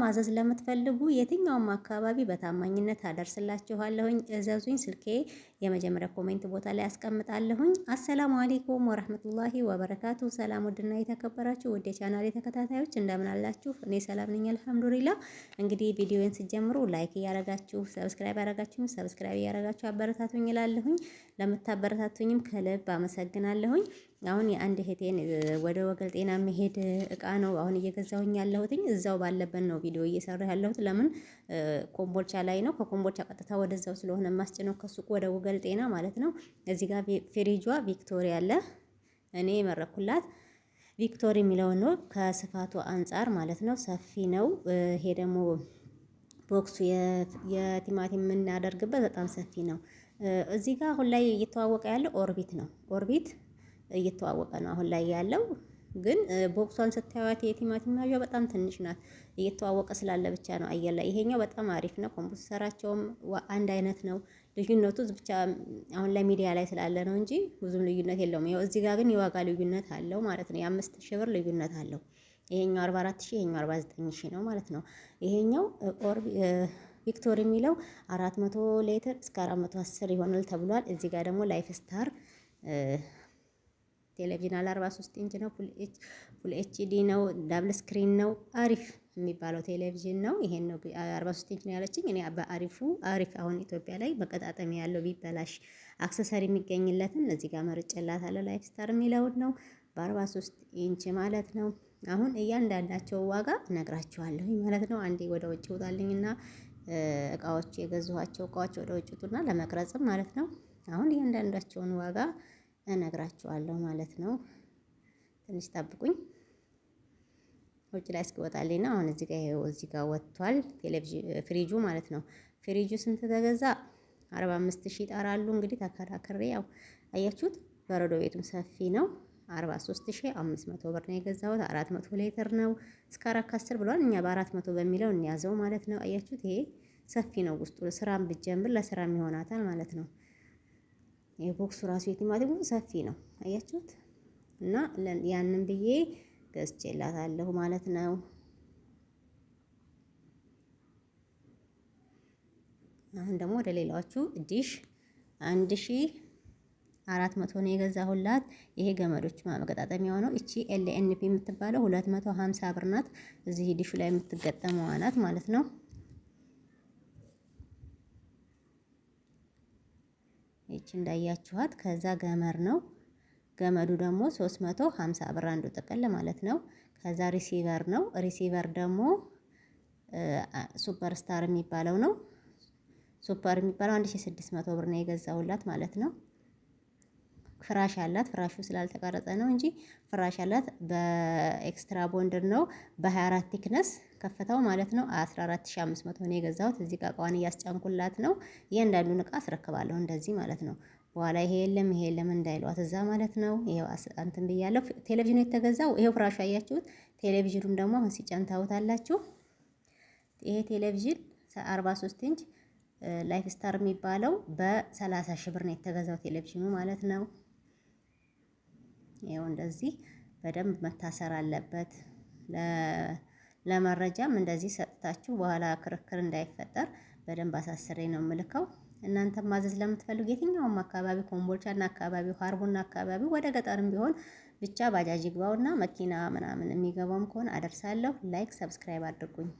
ማዘዝ ለምትፈልጉ የትኛውም አካባቢ በታማኝነት አደርስላችኋለሁኝ። እዘዙኝ። ስልኬ የመጀመሪያ ኮሜንት ቦታ ላይ አስቀምጣለሁኝ። አሰላሙ አሌይኩም ወረህመቱላሂ ወበረካቱ። ሰላም ውድና የተከበራችሁ ውድ የቻናል ተከታታዮች እንደምን አላችሁ? እኔ ሰላም ነኝ አልሐምዱሊላ። እንግዲህ ቪዲዮን ስጀምሩ ላይክ እያረጋችሁ ሰብስክራይብ ያረጋችሁም ሰብስክራይብ እያረጋችሁ አበረታቱኝ እላለሁኝ። ለምታበረታቱኝም ከልብ አመሰግናለሁኝ። አሁን የአንድ እህቴን ወደ ወገል ጤና መሄድ እቃ ነው አሁን እየገዛሁኝ ያለሁትኝ። እዛው ባለበት ነው ቪዲዮ እየሰራ ያለሁት። ለምን ኮምቦልቻ ላይ ነው። ከኮምቦልቻ ቀጥታ ወደዛው ስለሆነ ማስጭነው ከሱቅ ወደ ወገል ሀርበል ጤና ማለት ነው። እዚህ ጋር ፍሪጇ ቪክቶሪያ አለ። እኔ የመረኩላት ቪክቶሪ የሚለው ነው ከስፋቱ አንጻር ማለት ነው። ሰፊ ነው። ይሄ ደግሞ ቦክሱ የቲማቲም የምናደርግበት በጣም ሰፊ ነው። እዚህ ጋር አሁን ላይ እየተዋወቀ ያለው ኦርቢት ነው። ኦርቢት እየተዋወቀ ነው አሁን ላይ ያለው ግን ቦክሷን ስታዩት የቲማቲም ማዣ በጣም ትንሽ ናት። እየተዋወቀ ስላለ ብቻ ነው አየር ላይ። ይሄኛው በጣም አሪፍ ነው። ኮምፖስተራቸውም አንድ አይነት ነው። ልዩነቱ ብቻ አሁን ላይ ሚዲያ ላይ ስላለ ነው እንጂ ብዙም ልዩነት የለውም። ያው እዚህ ጋር ግን የዋጋ ልዩነት አለው ማለት ነው። የአምስት ሺህ ብር ልዩነት አለው። ይሄኛው 44 ሺህ ይሄኛው 49 ሺህ ነው ማለት ነው። ይሄኛው ኦርቢ ቪክቶር የሚለው 400 ሌትር እስከ 410 ይሆናል ተብሏል። እዚህ ጋር ደግሞ ላይፍ ስታር ቴሌቪዥን አለ 43 ኢንች ነው። ፉል ኤች ነው። ዳብል ስክሪን ነው። አሪፍ የሚባለው ቴሌቪዥን ነው። ይሄን ነው 43 ኢንች ነው ያለችኝ። እኔ በአሪፉ አሪፍ አሁን ኢትዮጵያ ላይ መቀጣጠሚያ ያለው ቢበላሽ አክሰሰሪ የሚገኝለትን እዚህ ጋር መርጬላታለሁ። ላይፍ ስታር የሚለውን ነው በ43 ኢንች ማለት ነው። አሁን እያንዳንዳቸው ዋጋ እነግራችኋለሁ ማለት ነው። አንዴ ወደ ውጭ ውጣልኝና እቃዎች የገዙኋቸው እቃዎች ወደ ውጭ ውጡና ለመቅረጽም ማለት ነው። አሁን እያንዳንዳቸውን ዋጋ እነግራችኋለሁ ማለት ነው። ትንሽ ጠብቁኝ። ውጭ ላይ እስኪወጣልኝ እና አሁን እዚህ ጋር ይሄው እዚህ ጋር ወጥቷል። ቴሌቪዥን ፍሪጁ ማለት ነው። ፍሪጁ ስንት ተገዛ? 45000 ሺህ ይጠራሉ እንግዲህ ተከራክሬ፣ ያው አያችሁት፣ በረዶ ቤቱም ሰፊ ነው። 43500 ብር ነው የገዛሁት። 400 ሊትር ነው እስከ 410 ብሏል። እኛ በ400 በሚለው እንያዘው ማለት ነው። አያችሁት፣ ይሄ ሰፊ ነው ውስጡ። ስራም ብጀምር ለስራም ይሆናታል ማለት ነው። የቦክሱ ራሱ የቲማቲሙ ሰፊ ነው አያችሁት። እና ያንን ብዬ ገዝቼላታለሁ ማለት ነው። አሁን ደግሞ ወደ ሌላዎቹ ዲሽ አንድ ሺ አራት መቶ ነው የገዛሁላት። ይሄ ገመዶች ማመገጣጠሚያ ነው። እቺ ኤልኤንፒ የምትባለው ሁለት መቶ ሀምሳ ብር ናት። እዚህ ዲሹ ላይ የምትገጠመዋ ናት ማለት ነው። ይቺ እንዳያችኋት ከዛ ገመር ነው ገመዱ ደግሞ 350 ብር አንዱ ጥቅል ማለት ነው። ከዛ ሪሲቨር ነው። ሪሲቨር ደግሞ ሱፐር ስታር የሚባለው ነው። ሱፐር የሚባለው 1600 ብር ነው የገዛሁላት ማለት ነው። ፍራሽ አላት። ፍራሹ ስላልተቀረጸ ነው እንጂ ፍራሽ አላት። በኤክስትራ ቦንድር ነው በ24 ቲክነስ ከፍታው ማለት ነው 14500 ነው የገዛሁት። እዚህ ጋር እቃዋን እያስጫንኩላት ነው። እያንዳንዱን እቃ አስረክባለሁ እንደዚህ ማለት ነው። በኋላ ይሄ የለም ይሄ የለም እንዳይሏት እዛ ማለት ነው። ይሄው እንትን ብያለሁ። ቴሌቪዥኑ የተገዛው ይሄው ፍራሹ አያችሁት። ቴሌቪዥኑም ደግሞ አሁን ሲጫን ታውታላችሁ። ይሄ ቴሌቪዥን 43 ኢንች ላይፍ ስታር የሚባለው በ30 ሺህ ብር ነው የተገዛው ቴሌቪዥኑ ማለት ነው። ይሄው እንደዚህ በደንብ መታሰር አለበት። ለመረጃም እንደዚህ ሰጥታችሁ በኋላ ክርክር እንዳይፈጠር በደንብ አሳስሬ ነው የምልከው። እናንተ ማዘዝ ለምትፈልጉ የትኛውም አካባቢ ኮምቦልቻና አካባቢው ሀርቡና አካባቢ ወደ ገጠርም ቢሆን ብቻ ባጃጅ ይግባውና መኪና ምናምን የሚገባውም ከሆነ አደርሳለሁ። ላይክ ሰብስክራይብ አድርጉኝ።